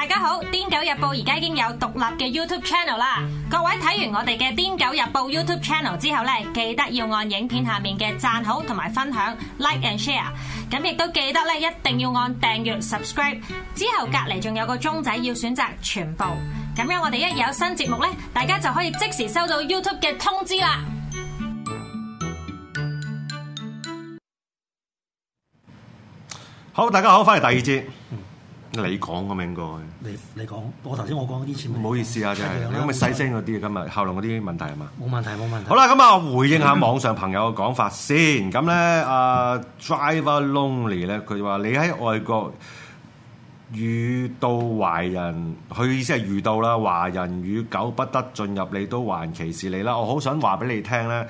大家好，癲狗日報而家已經有獨立嘅 YouTube Channel 啦。各位睇完我哋嘅癲狗日報 YouTube Channel 之後咧，記得要按影片下面嘅讚好同埋分享 Like and Share。咁亦都記得咧，一定要按訂閱 Subscribe。之後隔籬仲有個鐘仔要選擇全部。咁樣我哋一有新節目咧，大家就可以即時收到 YouTube 嘅通知啦。好，大家好，返嚟第二節。你講咁應該你，你你講，我頭先我講啲錢唔好意思啊，真係，咁咪細聲嗰啲今日喉嚨嗰啲問題係嘛，冇問題冇問題。問題好啦，咁啊，回應下網上朋友嘅講法先。咁咧， 啊、uh,，drive alone 咧，佢話你喺外國。 遇到華人，佢意思係遇到啦，華人與狗不得進入你，你都華人歧視你啦。我好想話俾你聽咧，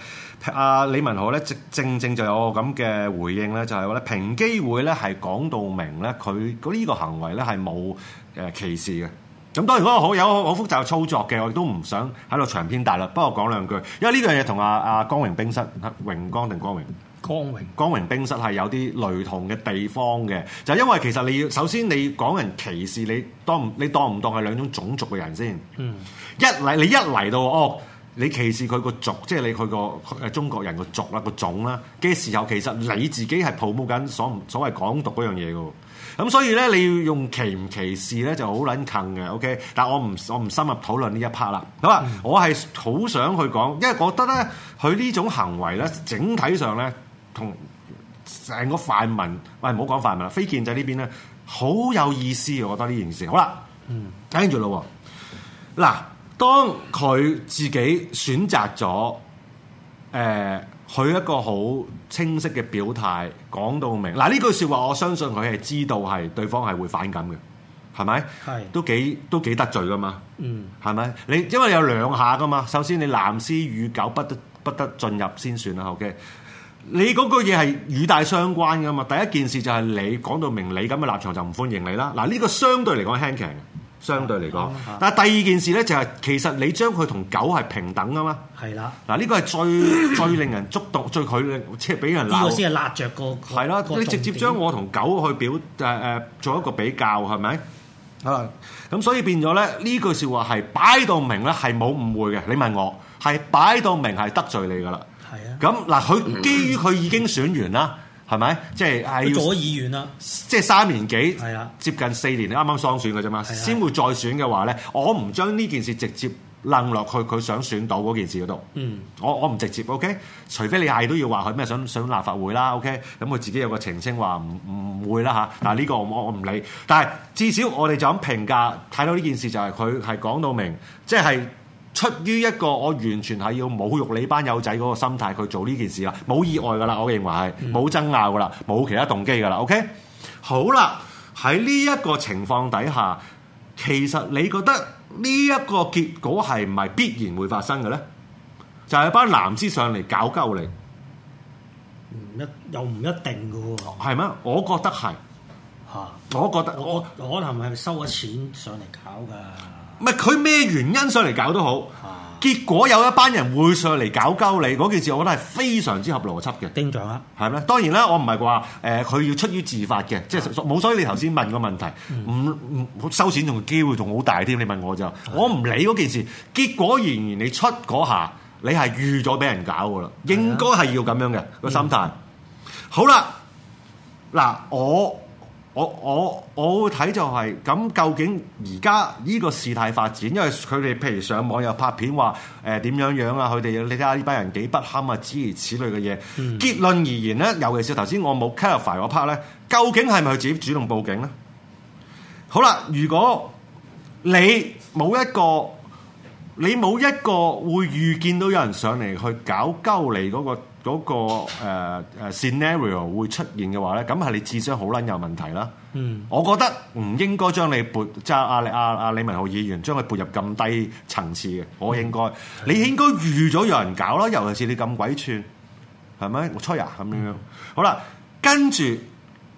阿李文豪咧正正就有個咁嘅回應咧，就係話咧，平機會咧係講到明咧，佢呢個行為咧係冇誒歧視嘅。咁當然嗰個好有好複雜操作嘅，我亦都唔想喺度長篇大論，不過講兩句，因為呢樣嘢同阿阿光榮冰室榮光定光榮。光榮，光榮冰室係有啲雷同嘅地方嘅，就因為其實你要首先你講人歧視你當你當唔當係兩種種族嘅人先？嗯，一嚟你一嚟到哦，你歧視佢個族，即係你佢個誒中國人個族啦個種啦嘅時候，其實你自己係抱抱緊所所謂港獨嗰樣嘢嘅，咁所以咧你要用歧唔歧視咧就好撚近嘅，OK？但係我唔我唔深入討論呢一 part 啦，好啊，嗯、我係好想去講，因為覺得咧佢呢他這種行為咧整體上咧。同成個泛民，喂、哎，唔好講泛民啦，非建制這邊呢邊咧，好有意思，我覺得呢件事好啦，跟住咯，嗱，當佢自己選擇咗，誒、呃，佢一個好清晰嘅表態，講到明嗱，呢、啊、句説話，我相信佢係知道係對方係會反感嘅，係咪？係是都幾都幾得罪噶嘛，嗯，係咪？你因為你有兩下噶嘛，首先你藍絲與狗不得不得進入先算啦，OK。好。你嗰句嘢係語帶相關噶嘛？第一件事就係你講到明你咁嘅立場就唔歡迎你啦。嗱，呢、呢個相對嚟講輕鬆嘅，相對嚟講。嗯嗯嗯、但第二件事咧就係、是、其實你將佢同狗係平等噶嘛？係啦、嗯。嗱，呢、呢個係最、嗯、最令人觸動、 最佢即係俾人。呢個先係立着個。個的個你直接將我同狗去表誒、呃、做一個比較係咪？啦咁、嗯、所以變咗咧呢句説話係擺到明咧係冇誤會嘅。你問我係、嗯、擺到明係得罪你噶啦。係啊，咁嗱，佢基於佢已經選完啦，係咪？即係喺做咗議員啦，即係三年幾，係啊，接近四年，啱啱喪選㗎啫嘛，先會再選嘅話咧，我唔將呢件事直接掕落去佢想選到嗰件事嗰度，嗯，我我唔直接，OK，除非你係都要話佢咩，想想立法會啦，OK，咁佢自己有個澄清話唔唔會啦嚇，嗱呢個我我唔理，但係至少我哋就咁評價，睇到呢件事就係佢係講到明，即係。出於一個我完全係要侮辱你班友仔嗰個心態，去做呢件事啦，冇意外噶啦，我認為係冇爭拗噶啦，冇其他動機噶啦。OK，好啦，喺呢一個情況底下，其實你覺得呢一個結果係唔係必然會發生嘅咧？就係、是、班男資上嚟搞鳩你、嗯，唔一又唔一定噶喎。係咩？我覺得係嚇，哈我覺得我可能係咪收咗錢上嚟搞㗎。唔係佢咩原因上嚟搞都好，結果有一班人會上嚟搞鳩你嗰件事，我覺得係非常之合邏輯嘅。丁住啊，係咩？當然啦，我唔係話誒佢要出於自發嘅，的即係冇。所以你頭先問個問題，唔唔、嗯、收錢仲機會仲好大添。你問我就，的我唔理嗰件事。結果仍然你出嗰下，你係預咗俾人搞噶啦，的應該係要咁樣嘅個的心態。好啦，嗱我。我我我會睇就係、是、咁，那究竟而家呢個事態發展，因為佢哋譬如上網又拍片話誒點樣樣啊，佢哋你睇下呢班人幾不堪啊，諸如此類嘅嘢。嗯、結論而言咧，尤其是頭先我冇 clarify 嗰 part 咧，究竟係咪佢自己主動報警咧？好啦，如果你冇一個，你冇一個會預見到有人上嚟去搞鳩你嗰、那個、嗰、那個、呃啊、scenario 會出現嘅話咧，咁係你智商好撚有問題啦。嗯，我覺得唔應該將你撥，即阿阿阿李文浩議員將佢撥入咁低層次嘅，嗯、我應該，嗯、你應該預咗有人搞咯，尤其是你咁鬼串，係咪？我吹啊，咁樣樣好啦，跟住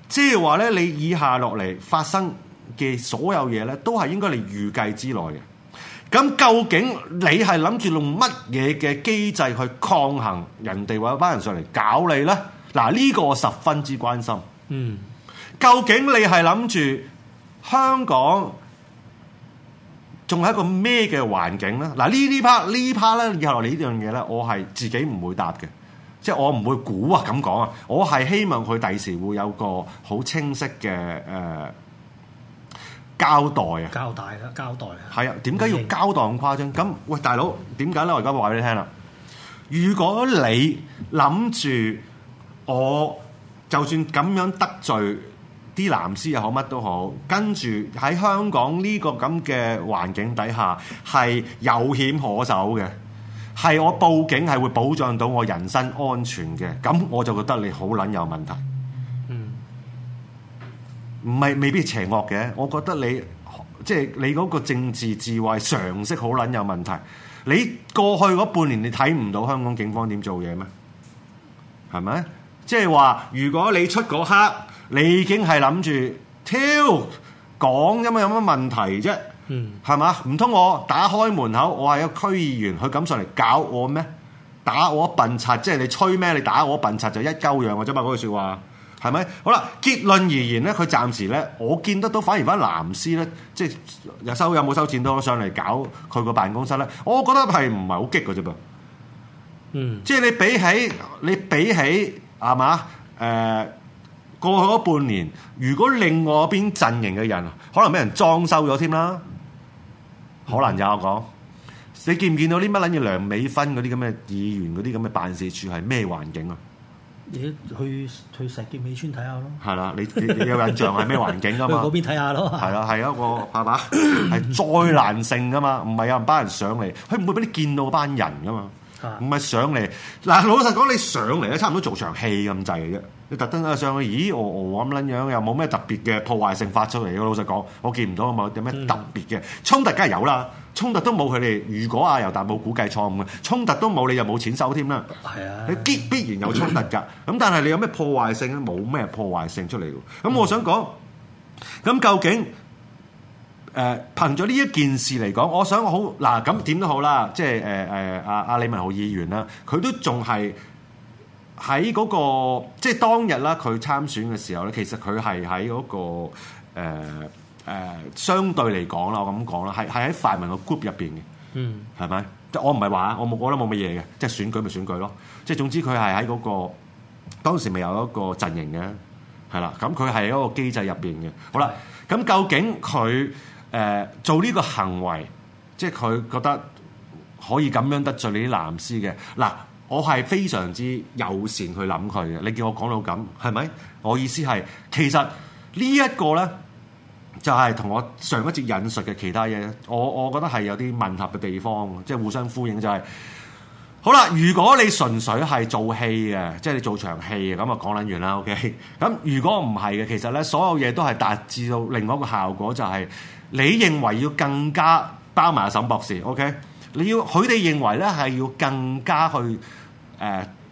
即係話咧，你以下落嚟發生嘅所有嘢咧，都係應該你預計之內嘅。咁究竟你係諗住用乜嘢嘅機制去抗衡人哋或一班人上嚟搞你呢？嗱，呢個我十分之關心。嗯，究竟你係諗住香港仲係一個咩嘅環境呢？嗱，這些呢呢 part 呢 part 咧，以後你呢樣嘢咧，我係自己唔會答嘅，即係我唔會估啊咁講啊，我係希望佢第時會有個好清晰嘅誒。呃交代，啊、交代啊！交代啦，交代啊！係啊，點解要交代咁誇張？咁喂，大佬點解咧？我而家話俾你聽啦。如果你諗住我就算咁樣得罪啲藍絲又好乜都好，跟住喺香港呢個咁嘅環境底下係有險可守嘅，係我報警係會保障到我人身安全嘅。咁我就覺得你好捻有問題。唔係未必是邪惡嘅，我覺得你即係、就是、你嗰個政治智慧常識好撚有問題。你過去嗰半年你睇唔到香港警方點做嘢咩？係咪？即係話，如果你出嗰刻，你已經係諗住跳講，因為有乜問題啫？係嘛？唔通、嗯、我打開門口，我係一個區議員，佢敢上嚟搞我咩？打我笨柒，即係你吹咩？你打我笨柒就一鳩樣嘅啫嘛，嗰句説話。係咪？好啦，結論而言咧，佢暫時咧，我見得到反而班藍絲咧，即係有收有冇收錢都上嚟搞佢個辦公室咧。我覺得係唔係好激㗎啫噃？嗯，即係你比起你比起係嘛？誒、呃，過去嗰半年，如果另外嗰邊陣營嘅人，可能俾人裝修咗添啦，可能有我講。你見唔見到啲乜撚嘢？梁美芬嗰啲咁嘅議員嗰啲咁嘅辦事處係咩環境啊？你去去石硤尾村睇下咯，係啦，你你有印象係咩環境噶嘛？去嗰邊睇下咯，係啦，係一個係嘛？係災難性噶嘛，唔係啊，唔幫人上嚟，佢唔會俾你見到嗰班人噶嘛，唔係上嚟。嗱，老實講，你上嚟咧，差唔多做場戲咁滯嘅啫。你特登上去，咦，我我咁撚樣，又冇咩特別嘅破壞性發出嚟嘅。老實講，我見唔到啊嘛，有啲咩特別嘅衝突，梗係有啦。衝突都冇佢哋，如果阿尤達冇估計錯誤嘅衝突都冇，你又冇錢收添啦。係啊，你必必然有衝突㗎。咁的但係你有咩破壞性咧？冇咩破壞性出嚟㗎。咁我想講，咁、嗯、究竟誒、呃、憑住呢一件事嚟講，我想我好，嗱，咁點都好啦，即係誒誒阿阿李文浩議員啦，佢都仲係喺嗰個即係、就是、當日啦，佢參選嘅時候咧，其實佢係喺嗰個、呃誒、呃，相對嚟講啦，我咁講啦，係係喺泛民個 group 入邊嘅，嗯，係咪？即我唔係話，我冇，我覺得冇乜嘢嘅，即選舉咪選舉咯。即總之佢係喺嗰個當時未有一個陣營嘅，係啦。咁佢係一個機制入邊嘅。好啦，咁是的 究竟佢誒、呃、做呢個行為，即佢覺得可以咁樣得罪你啲藍絲嘅嗱，我係非常之友善去諗佢嘅。你叫我講到咁係咪？我意思係其實呢個呢一個咧。就係同我上一節引述嘅其他嘢，我我覺得係有啲吻合嘅地方，即係互相呼應。就係好啦，如果你純粹係做戲嘅，即係你做場戲嘅，咁啊講撚完啦。OK，咁如果唔係嘅，其實咧所有嘢都係達至到另外一個效果，就係你認為要更加包埋沈博士。OK，你要佢哋認為咧係要更加去誒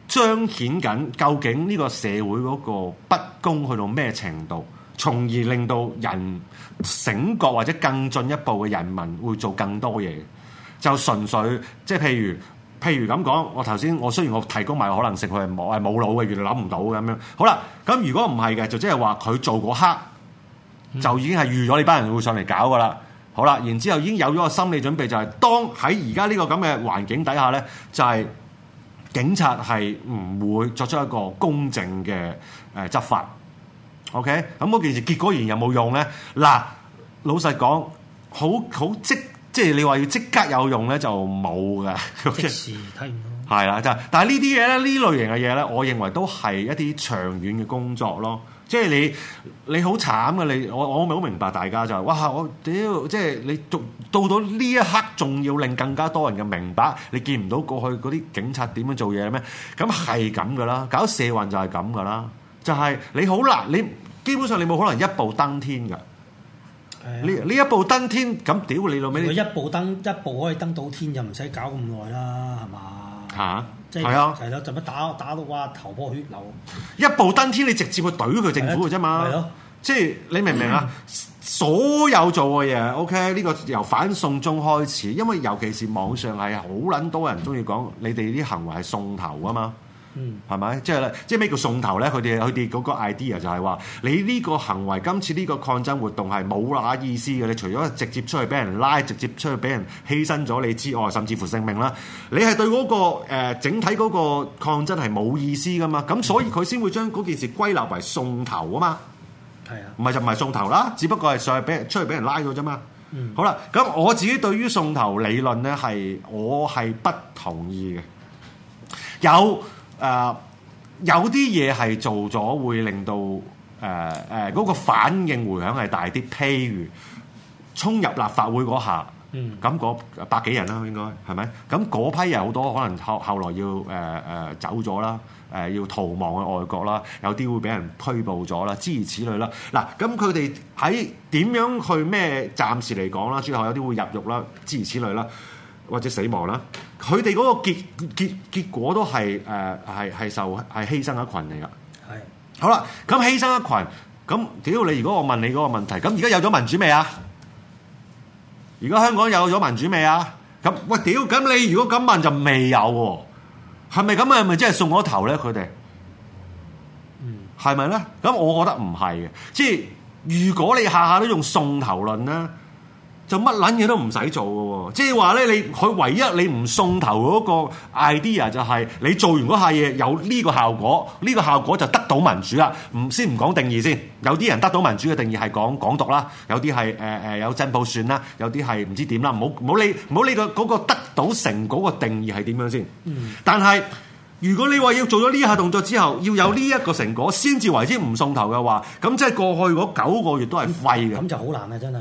彰顯緊究竟呢個社會嗰個不公去到咩程度？從而令到人醒覺，或者更進一步嘅人民會做更多嘢，就純粹即係譬如譬如咁講。我頭先我雖然我提供埋可能性，佢係冇係冇腦嘅，原來諗唔到咁樣。好啦，咁如果唔係嘅，就即係話佢做嗰刻，嗯、就已經係預咗呢班人會上嚟搞噶啦。好啦，然之後已經有咗個心理準備，就係、是，當喺而家呢個咁嘅環境底下咧，就係、是，警察係唔會作出一個公正嘅誒執法。OK，咁嗰件事結果完有冇用咧？嗱，老實講，好好即即係你話要即刻有用咧，就冇噶。即時睇唔到。係啦，就係，但係呢啲嘢咧，呢類型嘅嘢咧，我認為都係一啲長遠嘅工作咯。即係你你好慘嘅，你我我咪好明白大家就係哇！我屌，即係你到到到呢一刻，仲要令更加多人嘅明白，你見唔到過去嗰啲警察點樣做嘢咩？咁係咁噶啦，搞社運就係咁噶啦。就係你好難，你基本上你冇可能一步登天㗎。啊、你一步登天咁屌你老味！你一步登一步可以登到天又唔使搞咁耐啦，係嘛？係啊！係咯是，就乜、啊啊、打打到哇頭破血流？一步登天你直接去懟佢政府㗎啫嘛！啊啊、即係你明唔明啊？嗯、所有做嘅嘢，OK，呢個由反送中開始，因為尤其是網上係好撚多人中意講你哋啲行為係送頭啊嘛。嗯，係咪？即係即係咩叫送頭咧？佢哋佢哋嗰個 idea 就係話：你呢個行為今次呢個抗爭活動係冇哪意思嘅。你除咗直接出去俾人拉，直接出去俾人犧牲咗你之外，甚至乎性命啦。你係對嗰、嗰個、呃、整體嗰個抗爭係冇意思噶嘛？咁所以佢先會將嗰件事歸納為送頭啊嘛。係啊，唔係就唔係送頭啦，只不過係上去俾人出去俾人拉咗啫嘛。嗯、好啦，咁我自己對於送頭理論咧係我係不同意嘅，有。誒、呃、有啲嘢係做咗會令到誒誒嗰個反應回響係大啲，譬如衝入立法會嗰下，咁嗰百幾人啦應該係咪？咁嗰批人好多可能後後來要誒、呃、走咗啦、呃，要逃亡去外國啦，有啲會俾人拘捕咗啦，諸如此類啦。嗱，咁佢哋喺點樣去咩？暫時嚟講啦，最後有啲會入獄啦，諸如此類啦。或者死亡啦，佢哋嗰個結結，結果都係誒係係受係犧牲一群嚟噶。係是的 好啦，咁犧牲一群，咁屌你！如果我問你嗰個問題，咁而家有咗民主未啊？而家的香港有咗民主未啊？咁喂，屌，咁你如果咁問就未有喎？係咪咁啊？係咪真係送我頭咧？佢哋，嗯，係咪咧？咁我覺得唔係嘅，即係如果你下下都用送頭論咧。就乜撚嘢都唔使做㗎喎，即係話咧，你佢唯一你唔送頭嗰個 idea 就係你做完嗰下嘢有呢個效果，呢、呢個效果就得到民主啦。唔先唔講定義先，有啲人得到民主嘅定義係講港，港獨啦，有啲係、呃、有進步算啦，有啲係唔知點啦。唔好理冇理個嗰個得到成果個定義係點樣先？嗯、但係如果你話要做咗呢下動作之後要有呢一個成果先至為之唔送頭嘅話，咁即係過去嗰九個月都係廢嘅、嗯。咁就好難啊！真係。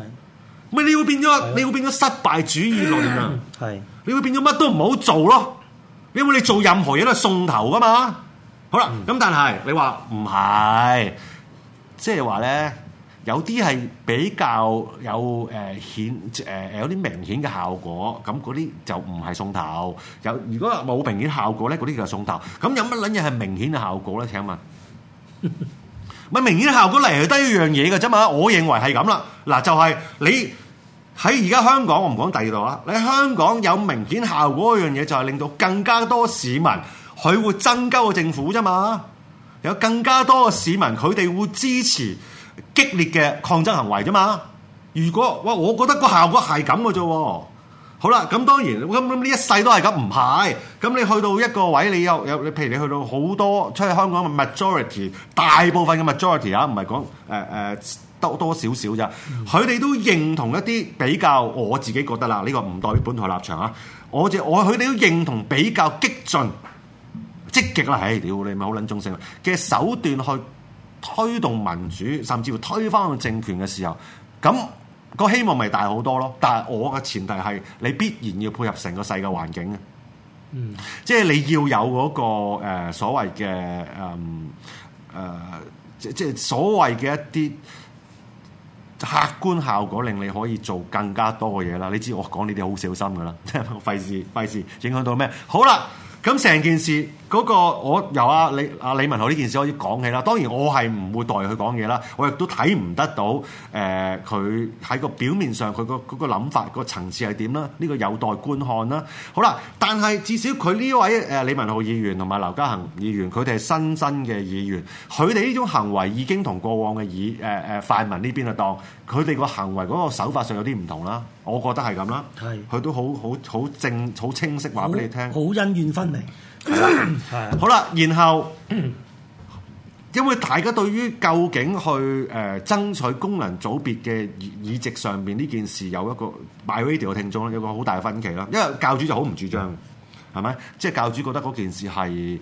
唔係，你會變咗，你會變咗失敗主義論啊！係，你會變咗乜都唔好做咯，因為你做任何嘢都係送頭噶嘛。好啦，咁但係你話唔係，即係話咧，有啲係比較有誒顯誒有啲明顯嘅效果，咁嗰啲就唔係送頭。有如果冇明顯效果咧，嗰啲就係送頭。咁有乜撚嘢係明顯嘅效果咧？請問？明顯效果嚟，得一樣嘢嘅啫嘛！我認為係咁啦，嗱就係、是、你喺而家香港，我唔講第二度啦。你喺香港有明顯效果嗰樣嘢，就係令到更加多市民佢會憎鳩個政府啫嘛，有更加多嘅市民佢哋會支持激烈嘅抗爭行為啫嘛。如果哇，我覺得個效果係咁嘅啫。好啦，咁當然，咁咁呢一世都係咁，唔係。咁你去到一個位，你有有，你譬如你去到好多，出去香港嘅 majority，大部分嘅 majority 啊，唔係講誒多多少少啫。佢哋、嗯、都認同一啲比較，我自己覺得啦，呢、這個唔代表本台立場啊。我就我佢哋都認同比較激進、積極啦，唉、哎，屌你咪好捻中性嘅手段去推動民主，甚至乎推翻個政權嘅時候，咁。個希望咪大好多咯，但係我嘅前提係你必然要配合成個世界環境嘅，嗯，即係你要有嗰個誒、呃、所謂嘅誒誒即即係所謂嘅一啲客觀效果，令你可以做更加多嘅嘢啦。你知我講你哋好小心噶啦，即係費事費事影響到咩？好啦，咁成件事。嗰、那個我由啊，李阿李文浩呢件事可以講起啦。當然我係唔會代佢講嘢啦，我亦都睇唔得到誒佢喺個表面上佢個個諗法，那個層次係點啦。呢、這個有待觀看啦。好啦，但係至少佢呢位李文浩議員同埋劉家恒議員，佢哋係新生嘅議員，佢哋呢種行為已經同過往嘅議誒誒、呃、泛民呢邊嘅當，佢哋個行為嗰個手法上有啲唔同啦。我覺得係咁啦，係佢都好好好正好清晰話俾你聽，好恩怨分明。好啦，然後因為大家對於究竟去誒爭取功能組別嘅議席上邊呢件事，有一個 MyRadio 嘅聽眾咧，有個好大嘅分歧啦。因為教主就好唔主張，係咪？即係教主覺得嗰件事係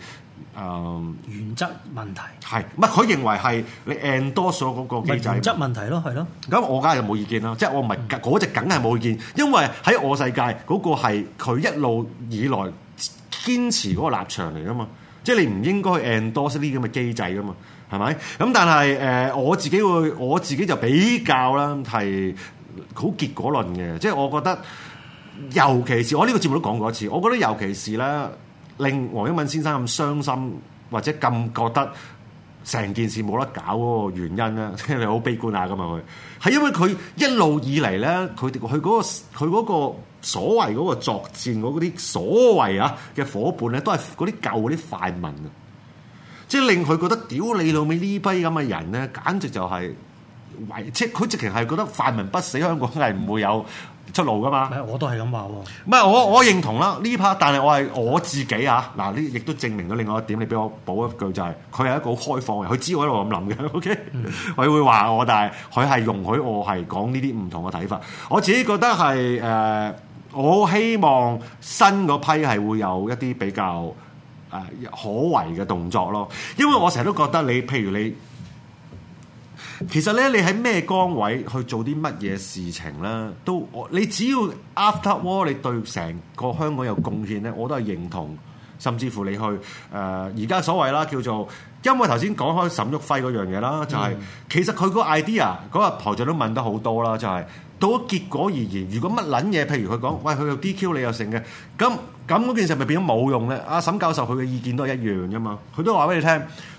誒原則問題，係唔係佢認為係你 endorse 咗個機制原則問題咯，係咯。咁我梗係就冇意見啦，即係我唔係嗰隻，梗係冇意見。因為喺我世界嗰個係佢一路以來。堅持嗰個立場嚟噶嘛，即係你唔應該去 endorse 啲咁嘅機制噶嘛，係咪？咁但係誒、呃，我自己會我自己就比較啦，係好結果論嘅，即係我覺得，尤其是我呢個節目都講過一次，我覺得尤其是咧令黃毓民先生咁傷心或者咁覺得成件事冇得搞嗰個原因咧，係 好悲觀下噶嘛佢，係因為佢一路以嚟咧，佢哋佢嗰個佢嗰個。所謂嗰個作戰嗰啲所謂啊嘅伙伴咧，都係嗰啲舊嗰啲泛民啊，即係令佢覺得屌你老味呢批咁嘅人咧，簡直就係、是、維，即佢直情係覺得泛民不死，香港係唔會有出路㗎嘛。我都係咁話喎，唔係我我認同啦呢 part，但係我係我自己啊嗱，呢亦都證明咗另外一點，你俾我補一句就係佢係一個好開放嘅，佢知我喺度咁諗嘅，OK，佢、嗯、會話我，但係佢係容許我係講呢啲唔同嘅睇法。我自己覺得係誒。呃我希望新嗰批係會有一啲比較誒可為嘅動作咯，因為我成日都覺得你，譬如你，其實咧你喺咩崗位去做啲乜嘢事情咧，都你只要 after all 你對成個香港有貢獻咧，我都係認同。甚至乎你去誒而家所謂啦，叫做因為頭先講開沈旭輝嗰樣嘢啦，就係、是嗯、其實佢個 idea 嗰個台長都問得好多啦，就係、是、到咗結果而言，如果乜撚嘢，譬如佢講，喂，佢個 DQ 你又成嘅，咁咁嗰件事咪變咗冇用咧？阿、啊、沈教授佢嘅意見都係一樣啫嘛，佢都話俾你聽，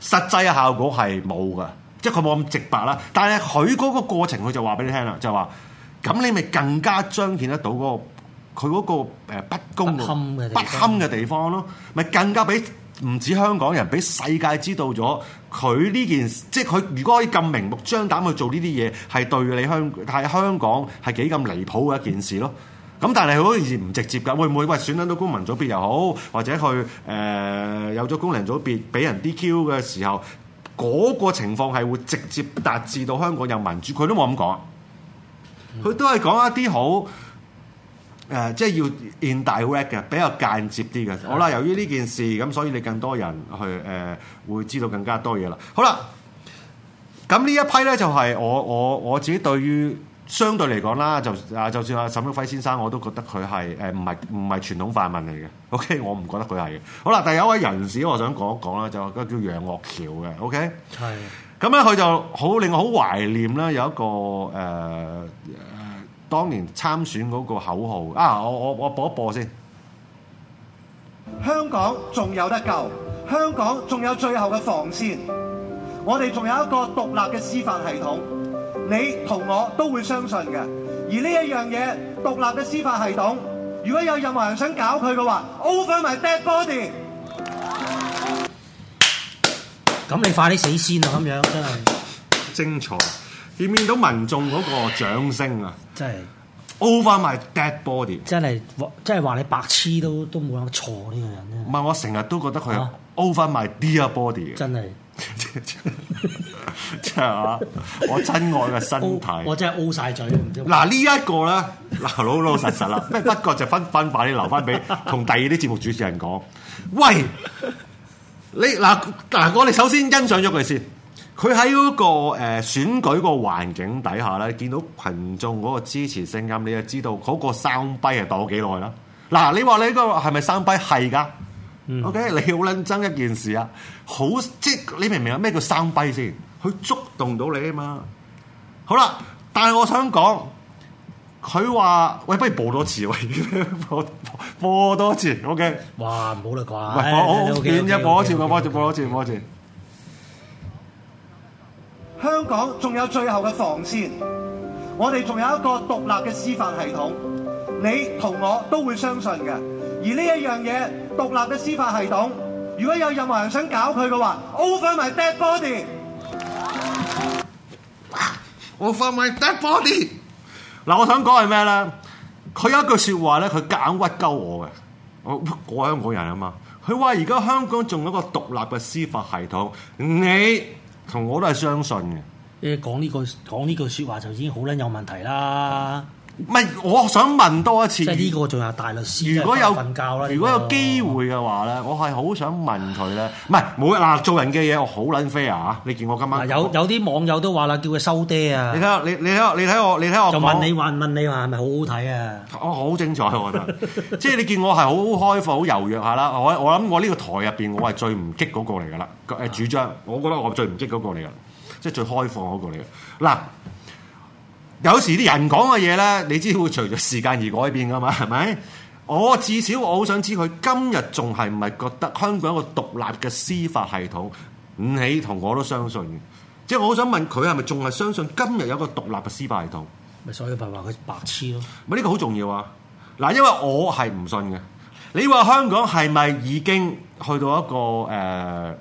實際嘅效果係冇噶，即係佢冇咁直白啦。但係佢嗰個過程，佢就話俾你聽啦，就話、是、咁你咪更加彰顯得到嗰、那個。佢嗰個不公嘅不堪嘅地方咯，咪更加俾唔止香港人，俾世界知道咗佢呢件事，即係佢如果可以咁明目張膽去做呢啲嘢，係對你香喺香港係幾咁離譜嘅一件事咯。咁但係佢嗰件事唔直接㗎，會唔會喂，選揀到公民組別又好，或者去誒、呃、有咗公民組別俾人 DQ 嘅時候，嗰、那個情況係會直接達至到香港有民主，佢都冇咁講，佢都係講一啲好。誒、呃，即係要 in direct 嘅，比較間接啲嘅。好啦，的由於呢件事，咁所以你更多人去誒、呃，會知道更加多嘢啦。好啦，咁呢一批咧，就係、是、我我我自己對於相對嚟講啦，就啊，就算阿沈旭輝先生，我都覺得佢係誒，唔係唔係傳統泛民嚟嘅。OK，我唔覺得佢係。好啦，但有一位人士，我想講一講啦，就話個叫楊岳橋嘅。OK，係的。咁咧，佢就好令我好懷念啦，有一個誒、呃當年參選嗰個口號啊！我我我播一播先。香港仲有得救，香港仲有最後嘅防線。我哋仲有一個獨立嘅司法系統，你同我都會相信嘅。而呢一樣嘢，獨立嘅司法系統，如果有任何人想搞佢嘅話，over my dead body。咁 你快啲死先啊！咁樣真係精彩。見唔見到民眾嗰個掌聲啊！真係是 over my dead body，真係，真係話你白痴都都冇得錯呢個人咧，唔係，我成日都覺得佢 over my dear body 嘅，真係是， 真係啊！我真愛嘅身體，我，我真係 O 晒嘴，唔知。嗱、啊這個、呢一個咧，嗱老老實實啦，不過就分分化，你留翻俾同第二啲節目主持人講。喂，你嗱嗱、啊啊，我哋首先欣賞咗佢先。佢喺嗰個誒選舉個環境底下咧，你見到群眾嗰個支持聲音，你就知道嗰個生卑係多幾耐啦。嗱，你話你個係咪生卑？係噶。嗯、o、okay? K，你好撚憎一件事啊！好，即你明唔明啊？咩叫生卑先？佢觸動到你啊嘛。好啦，但係我想講，佢話喂，不如播多次喎，播播多次。O K，哇，唔好啦啩，唔係，好好演啫，播一次，播,播,播多一次，播多一次，okay, okay, okay, okay. 播一次。Okay, okay. 香港仲有最後嘅防線，我哋仲有一個獨立嘅司法系統，你同我都會相信嘅。而呢一樣嘢，獨立嘅司法系統，如果有任何人想搞佢嘅話，Over my dead body，Over my dead body。嗱，我想講係咩咧？佢有一句説話咧，佢夾硬屈鳩我嘅，我、啊、香港人啊嘛。佢話而家香港仲有一個獨立嘅司法系統，你同我都係相信嘅，誒，講呢句講呢句說話就已經好撚有問題啦。嗯唔係，我想問多一次。即係呢個仲係大律師。如果有教啦，如果有機會嘅話咧，麼我係好想問佢咧。唔係冇嗱，做人嘅嘢我好撚 fair 嚇，你見我今晚有有啲網友都話啦，叫佢收爹啊。你睇下，你你睇下，你睇我，你睇我。就問你話，說問你話係咪好好睇啊？我好精彩， 我覺得。即係你見我係好開放、好柔弱下啦。我我諗我呢個台入邊，我係最唔激嗰個嚟㗎啦。誒，主張， 我覺得我最唔激嗰個嚟㗎。即係最開放嗰個嚟㗎。嗱。有時啲人講嘅嘢呢，你知會隨著時間而改變噶嘛？係咪？我至少我好想知佢今日仲係唔係覺得香港有個獨立嘅司法系統？你同我都相信即係、就是、我好想問佢係咪仲係相信今日有個獨立嘅司法系統？咪所以話佢白痴咯，啊？咪呢個好重要啊！嗱，因為我係唔信嘅。你話香港係咪已經去到一個誒、呃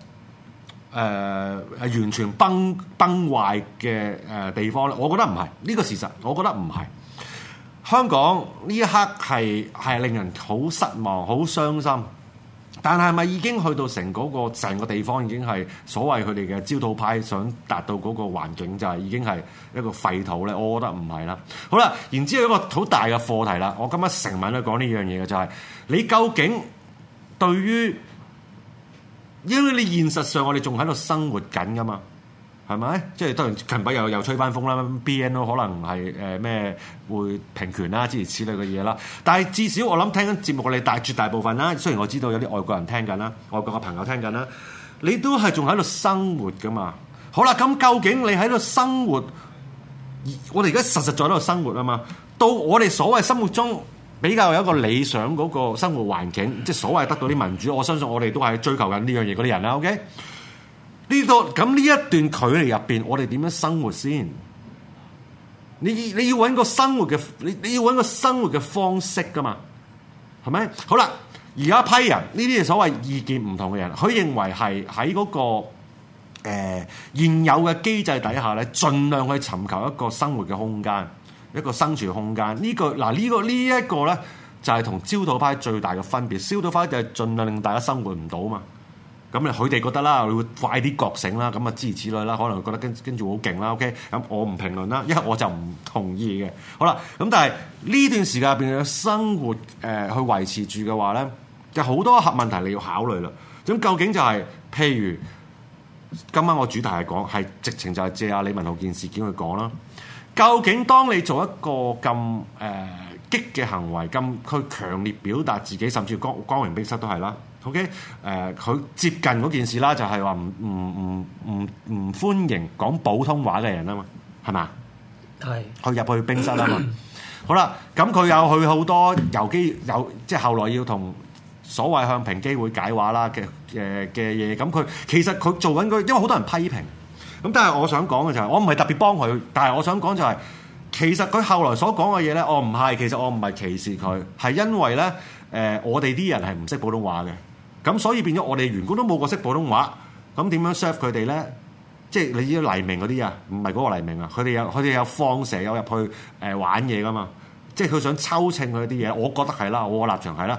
誒、呃、完全崩崩壞嘅誒、呃、地方咧，我覺得唔係呢個事實，我覺得唔係香港呢一刻係係令人好失望、好傷心。但係咪已經去到成嗰、那個成個地方已經係所謂佢哋嘅焦土派想達到嗰個環境就係、是、已經係一個廢土呢？我覺得唔係啦。好啦，然之後有一個好大嘅課題啦，我今日成晚都講呢樣嘢嘅就係、是、你究竟對於？因為你現實上，我哋仲喺度生活緊噶嘛，係咪？即係當然，近排又又吹返風啦，BNO 都可能係誒咩會平權啦，諸如此類嘅嘢啦。但係至少我諗聽緊節目，你大絕大部分啦。雖然我知道有啲外國人聽緊啦，外國嘅朋友聽緊啦，你都係仲喺度生活噶嘛。好啦，咁究竟你喺度生活？我哋而家實實在喺度生活啊嘛，到我哋所謂生活中。比較有一個理想嗰個生活環境，即係所謂得到啲民主，我相信我哋都係追求緊呢樣嘢嗰啲人啦。OK，呢個咁呢一段距離入邊，我哋點樣生活先？你你要揾個生活嘅，你你要揾個生活嘅方式噶嘛，係咪？好啦，而家批人，呢啲係所謂意見唔同嘅人，佢認為係喺嗰個誒、呃、現有嘅機制底下咧，盡量去尋求一個生活嘅空間。一個生存空間呢、呢個嗱呢、呢個呢個呢一個咧就係同焦土派最大嘅分別，焦土派就係盡量令大家生活唔到嘛。咁啊，佢哋覺得啦，佢會快啲覺醒啦，咁啊，諸如此類啦，可能佢覺得跟跟住好勁啦。OK，咁我唔評論啦，因為我就唔同意嘅。好啦，咁但係呢段時間入邊嘅生活誒、呃，去維持住嘅話咧，有好多核問題你要考慮啦。咁究竟就係、是、譬如今晚我主題係講，係直情就係借阿李文浩件事件去講啦。究竟當你做一個咁誒激嘅行為，咁佢強烈表達自己，甚至光光榮冰室都係啦。OK，誒佢接近嗰件事啦，就係話唔唔唔唔唔歡迎講普通話嘅人啊嘛，係嘛？係去入去冰室啊嘛。好啦，咁佢有去好多遊機，有即係後來要同所謂向平機會解話啦嘅誒嘅嘢。咁佢其實佢做緊嗰，因為好多人批評。咁但係我想講嘅就係，我唔係特別幫佢，但係我想講就係，其實佢後來所講嘅嘢咧，我唔係，其實我唔係歧視佢，係因為咧，誒、呃、我哋啲人係唔識普通話嘅，咁所以變咗我哋員工都冇個識普通話，咁點樣 serve 佢哋咧？即係你知黎明嗰啲啊，唔係嗰個黎明啊，佢哋有佢哋有放蛇友入去誒、呃、玩嘢㗎嘛？即係佢想抽秤佢啲嘢，我覺得係啦，我嘅立場係啦。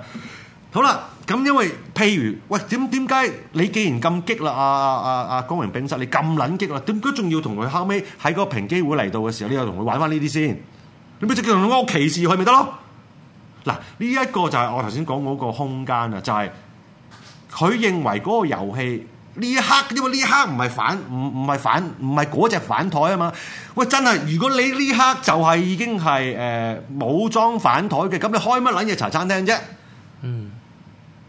好啦，咁因為譬如喂，點點解你既然咁激啦，阿啊啊江榮炳實你咁撚激啦，點解仲要同佢後尾喺個個平機會嚟到嘅時候，你又同佢玩翻呢啲先？你咪直接同佢屋歧視佢咪得咯？嗱，呢、這、一個就係我頭先講嗰個空間啊，就係、是、佢認為嗰個遊戲呢一刻，因為呢一刻唔係反唔唔係反唔係嗰隻反台啊嘛。喂，真係如果你呢刻就係已經係誒、呃、武裝反台嘅，咁你開乜撚嘢茶餐廳啫？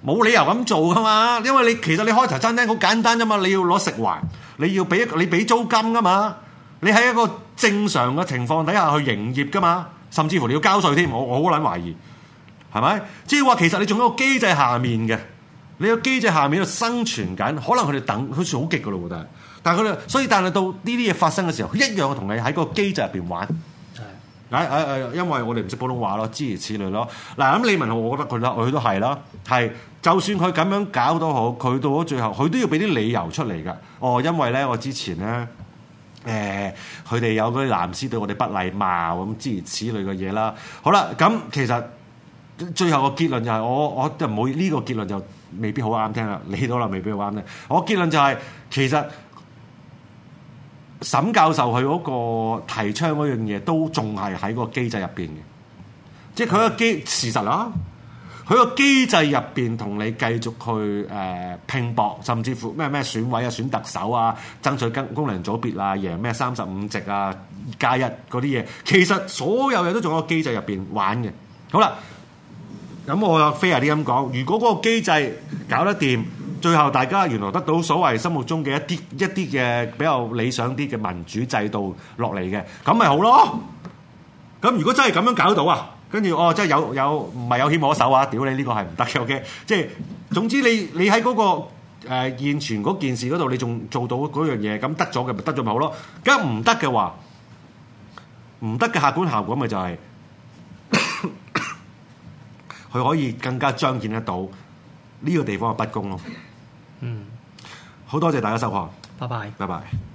冇理由咁做噶嘛，因為你其實你開茶餐廳好簡單啫嘛，你要攞食環，你要俾一你俾租金噶嘛，你喺一個正常嘅情況底下，去營業噶嘛，甚至乎你要交稅添，我我好撚懷疑，係咪？即係話其實你仲喺個機制下面嘅，你喺機制下面度生存緊，可能佢哋等佢算好激噶咯，但係但係佢哋，所以但係到呢啲嘢發生嘅時候，佢一樣同你喺個機制入面玩。哎哎、因為我哋唔識普通話咯，諸如此類咯。嗱，咁李文豪我覺得佢啦，佢都係啦，係。就算佢咁樣搞都好，佢到咗最後，佢都要俾啲理由出嚟㗎。哦，因為咧，我之前咧，誒、哎，佢哋有嗰啲男師對我哋不禮貌咁，諸如此類嘅嘢啦。好啦，咁其實最後個結論就係、是，我我就唔好呢個結論就未必好啱聽啦。你到啦，未必好啱聽。我結論就係、是，其實。沈教授佢嗰個提倡嗰樣嘢，都仲係喺個機制入邊嘅，即係佢個機事實啦。佢個機制入邊同你繼續去誒、呃、拼搏，甚至乎咩咩選委啊、選特首啊、爭取跟功能組別啊、贏咩三十五席啊、二加一嗰啲嘢，其實所有嘢都仲喺個機制入邊玩嘅。好啦，咁我飛下啲咁講，如果嗰個機制搞得掂，最後大家原來得到所謂心目中嘅一啲一啲嘅比較理想啲嘅民主制度落嚟嘅，咁咪好咯？咁如果真係咁樣搞到啊，跟住哦，即係有有唔係有險可守啊？屌你呢、這個係唔得嘅，OK，即係總之你你喺嗰、那個誒、呃、現存嗰件事嗰度，你仲做到嗰樣嘢，咁得咗嘅，咪得咗咪好咯？咁唔得嘅話，唔得嘅客觀效果咪就係、是、佢 可以更加彰顯得到呢個地方嘅不公咯。嗯，好多謝大家收看，拜拜，拜拜。